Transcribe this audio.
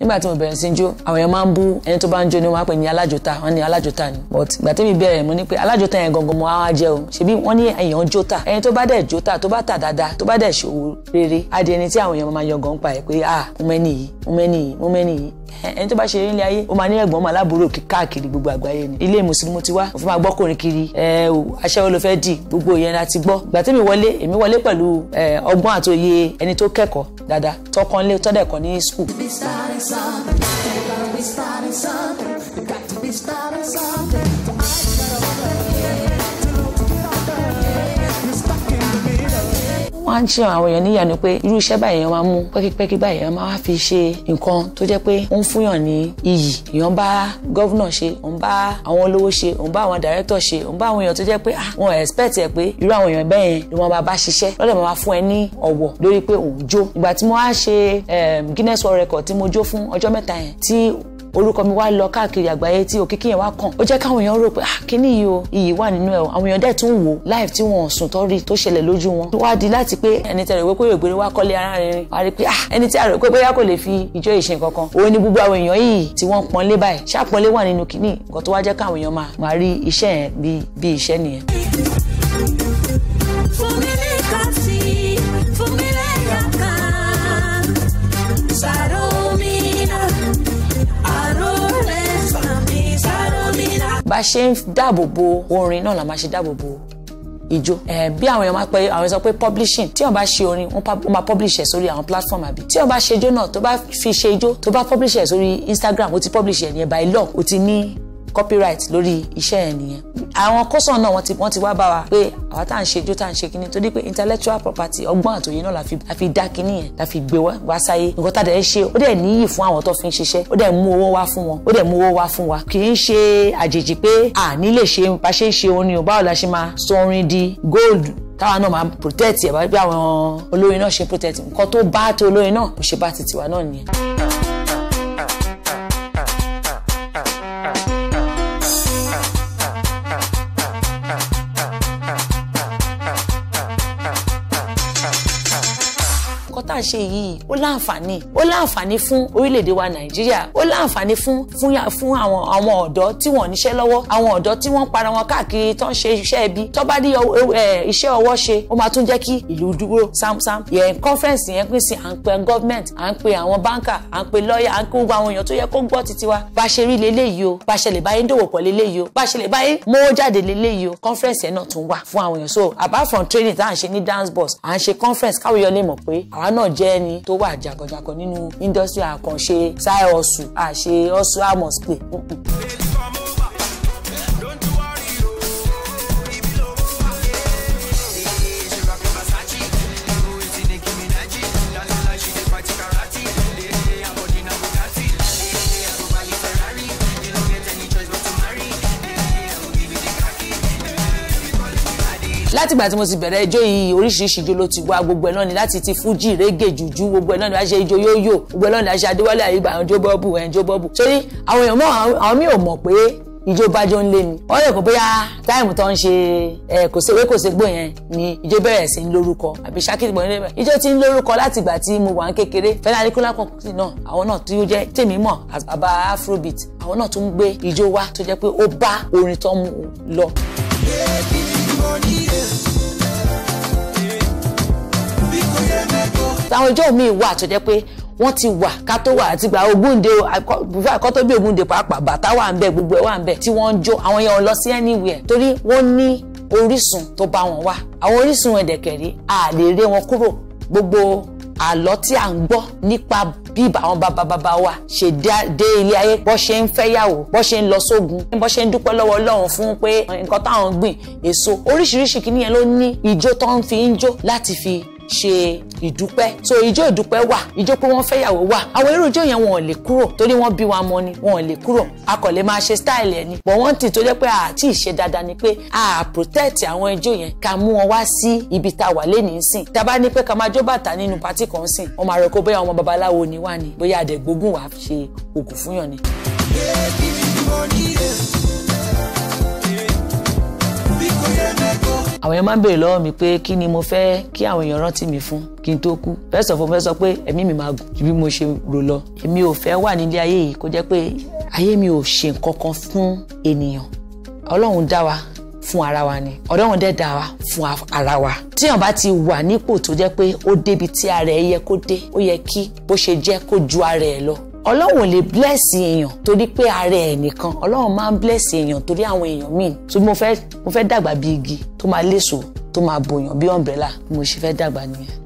nígbà tí mo bẹ̀rẹ̀ sí jó àwọn èèyàn máa ń bú ẹni tó bá ń jó ni wọ́n á pè ní alájòta wọ́n ní alájòta ni but ìgbà tẹ́mi bẹ̀rẹ̀ mo ní pé alájòta yẹn gangan mo á jẹ́ o ṣebí wọ́n ní èèyàn jóta ẹni tó bá dẹ̀ jóta tó bá tà dáadáa tó bá dẹ̀ ṣòwò rere á di ẹni tí àwọn èèyàn máa yọ̀gàn pa ẹ̀ pé ah mo mẹ́ni yìí mo mẹ́ni yìí mo mẹ́ni yìí ẹni tó bá ṣe ilé ayé ó máa ní ẹ̀gbọ́n máa lábúrò káàkiri gbogbo àgbáyé ni ilé mùsùlùmí ti wá òfin máa gbọ́ kòrin kiri aṣẹ́wó ló fẹ́ dì gbogbo yẹn la ti gbọ́ gbà tẹ́mi wọlé èmi wọlé pẹ̀lú ọgbọ́n àtòyè ẹni tó kẹ́kọ̀ọ́ dáadáa tọkànlé tọ́dẹ̀kọ̀ ní skul. wọ́n á ń ṣe àwọn èèyàn níyànú pé irú iṣẹ́ báyìí èèyàn máa mú pẹ́kípẹ́kí báyìí èèyàn máa wá fi ṣe nǹkan tó jẹ́ pé ó ń fúnyàn ní iyì èèyàn bá gọ́vnà ṣe òun bá àwọn olówó ṣe òun bá àwọn dàrẹ́tọ̀ ṣe òun bá àwọn èèyàn tó jẹ́ pé ah, wọn expect ẹ̀ pé irú àwọn èèyàn bẹ́ẹ̀ ló máa bá ṣiṣẹ́ lọ́dọ̀ máa fún ẹ ní ọ̀wọ̀ lórí pé òun jó ìgbà tí mo wá ṣe ehm, Guinness World Record tí mo jó fún ọjọ́ mẹ́ta yẹn tí orúkọ mi wá lọ káàkiri àgbáyé tí òkìkí yẹn wá kàn ó jẹ́ káwọn èèyàn rò pé ah kíní yìí o iyì wà nínú ẹ̀ o àwọn èèyàn dẹ̀ tún wò live tí wọ́n sùn tó rí tó ṣẹlẹ̀ lójú wọn wá di láti pé ẹni tẹ̀rọ ìwé kó yògbére wá kọ́lé ara rẹ̀ wá rí pé ah ẹni tí a rò pé bóyá kò lè fi ìjọ ìṣe kankan òun ni gbogbo àwọn èèyàn yìí tí wọ́n pọ́nlé báyìí ṣàpọ́nlé wà nínú kíní nǹkan tó wá jẹ́ káwọn èèyàn máa máa rí iṣẹ́ yẹn bí iṣẹ́ bá ṣe ń dáàbò bo orin náà la máa ṣe dáàbò bo ìjó ẹ bí àwọn èèyàn máa pẹ àwọn sọ pé publishing tí wọn bá ṣe orin wọn máa publish ẹ sórí àwọn platform àbí tí wọn bá ṣe ijó náà tó bá fi ṣe ijó tó bá publish ẹ sórí Instagram o ti publish ẹ nìyẹn by law ó ti ní copyright lórí iṣẹ́ ẹ nìyẹn àwọn kọ́sàn náà wọ́n ti wá bá wa pé àwa tá à ń ṣe ijó tá à ń ṣe kinní torí pé intellectual property ọgbọ́n àtòyè náà la fi dá kinní yẹn la fi gbé wá sáyé nǹkan tá a dẹ̀ ṣe ó dẹ̀ níyì fún àwọn tó fi ń ṣiṣẹ́ ó dẹ̀ mú owó wá fún wọn ó dẹ̀ mú owó wá fún wa kì í ṣe àjèjì pé àní lè ṣe bá ṣe ń ṣe orin ò báwo la ṣe máa sọ orin di góòlù táwa náà máa protect ẹ̀ bá gbé àwọn olórin náà ṣe protect nǹkan tó bá ti olórin náà kò ṣe bá ti náà nìyẹn. tá à ń ṣe yìí ó láǹfààní ó láǹfààní fún orílẹ̀-èdè wa nàìjíríà ó láǹfààní fún fún àwọn àwọn ọ̀dọ́ tí wọ́n níṣẹ́ lọ́wọ́ àwọn ọ̀dọ́ tí wọ́n para wọn káàkiri tó ń ṣe iṣẹ́ ibi tó bá ní iṣẹ́ ọwọ́ ṣe ó máa tún jẹ́ kí ìlú dúró sámsám yẹn conference yẹn pín sí à ń pe government à ń pe àwọn banker à ń pe lawyer à ń pe gbogbo àwọn èèyàn tó yẹ kó gbọ́ títí wa bá ṣe rí leléyìí o bá ṣe lè conference yẹn náà tún wà so apart from training tá à dance boss à ń conference káwé yọ lè mọ̀ pé àwa náà jẹ́ ẹni tó wà jàgànjàgàn nínú indọ́sí àkànṣe sáà ọ̀sùn àṣe ọ̀sùn àmọ̀sípè. látìgbà tí mo ti bẹ̀rẹ̀ ijó yìí oríṣiríṣi ijó ló ti wá gbogbo ẹ̀ náà ni láti ti fújì régè jùjú gbogbo ẹ̀ náà ni wá ṣe ijó yóyò gbogbo ẹ̀ náà ni wá ṣe adéwálé àyígbà àwọn jó bọ́ọ̀bù ẹ̀ jó bọ́ọ̀bù sórí àwọn èèyàn mọ́ àwọn mi ò mọ̀ pé ijó bájó ń lé ni ó lè kó bóyá táìmù tó ń ṣe ẹ kò séwé kò ségbò yẹn ni ijó bẹ̀rẹ̀ sí ń lórúkọ àbí ṣákìtì bọ̀ nílẹ̀ ijó ti ń lórúkọ láti ìgbà tí mo wà ń kékeré fẹlẹ adékúnlá kan náà àwọn náà tí jẹ́ tèmi mọ̀ àbá afrobeat àwọn náà tún ń gbé ijó wá tó jẹ́ pé ó bá orin tó ń lọ àwọn ìjọ mi wà tó jẹ́ pé wọ́n ti wà ká tó wà àti gba ogúnde bùfẹ́ àkọ́tọ́ bí ogúnde pàápàá bàtà wà ń bẹ gbogbo ẹ̀ wà ń bẹ tí wọ́n ń jó àwọn yẹn lọ sí anywhere torí wọ́n ní orísun tó bá wọn wá àwọn orísun ẹ̀dẹ̀kẹ̀rí a lè ré wọn kúrò gbogbo àlọ́ tí à ń gbọ́ nípa bí àwọn bàbá bàbá wa ṣe dé ilé ayé bọ́ ṣe ń fẹ́yàwó bọ́ ṣe ń lọ sógun bọ́ ṣe ń dúpẹ́ lọ́wọ́ Ọlọ́run fún pé nǹkan táwọn gbìn èso oríṣiríṣi kìnìyẹn ló ní ijó tó ń fi ń jó láti fi ṣe ìdúpẹ́ so ijó ìdúpẹ́ wà ijó pé wọ́n fẹ́yàwó wà àwọn irú ijó yẹn wọn ò lè kúrò torí wọ́n bí wa mọ ni wọn ò lè kúrò a kò lè máa ṣe style ẹ̀ ni but wọ́n ti tó jẹ́ pé àti ìṣe dáadáa ni pé a protect àwọn ijó yẹn ká mú wọn wá sí ibi tá a wà lénìí sìn tá a bá ní pé ká máa jó bàtà nínú patí kan sìn wọ́n máa rẹ̀ kó bóyá ọmọ babaláwo ni wá ni bóyá àdẹ̀gbógún wàá ṣe ògùn fúnyàn ni. yeah, give me money, yeah. yeah àwọn èèyàn máa ń béèrè lọ́wọ́ mi pé kí ni mo fẹ́ kí àwọn èèyàn rántí mi fún kí n tó kú first of all fẹ́ sọ pé ẹ̀mí mi máa gùn ju bí mo ṣe rò lọ èmi ò fẹ́ wà nílé ayé yìí kó jẹ́ pé ayé mi ò ṣe nǹkan fún ènìyàn ọlọ́run dá wa fún ara wa ni ọlọ́run dẹ̀ dá wa fún ara wa tíyàn bá ti wà nípò tó jẹ́ pé ó débi tí ara ẹ yẹ kó dé ó yẹ kí bó ṣe jẹ́ kó ju ara ẹ lọ ọlọ́run ò lè bless èèyàn torí pé ara ẹ̀ nìkan ọlọ́run máa ń bless èèyàn torí àwọn èèyàn míì so mo fẹ́ mo fẹ́ dàgbà bí igi tó máa léso tó máa bòyàn bí umbrella mo ṣe fẹ́ dàgbà nìyẹn.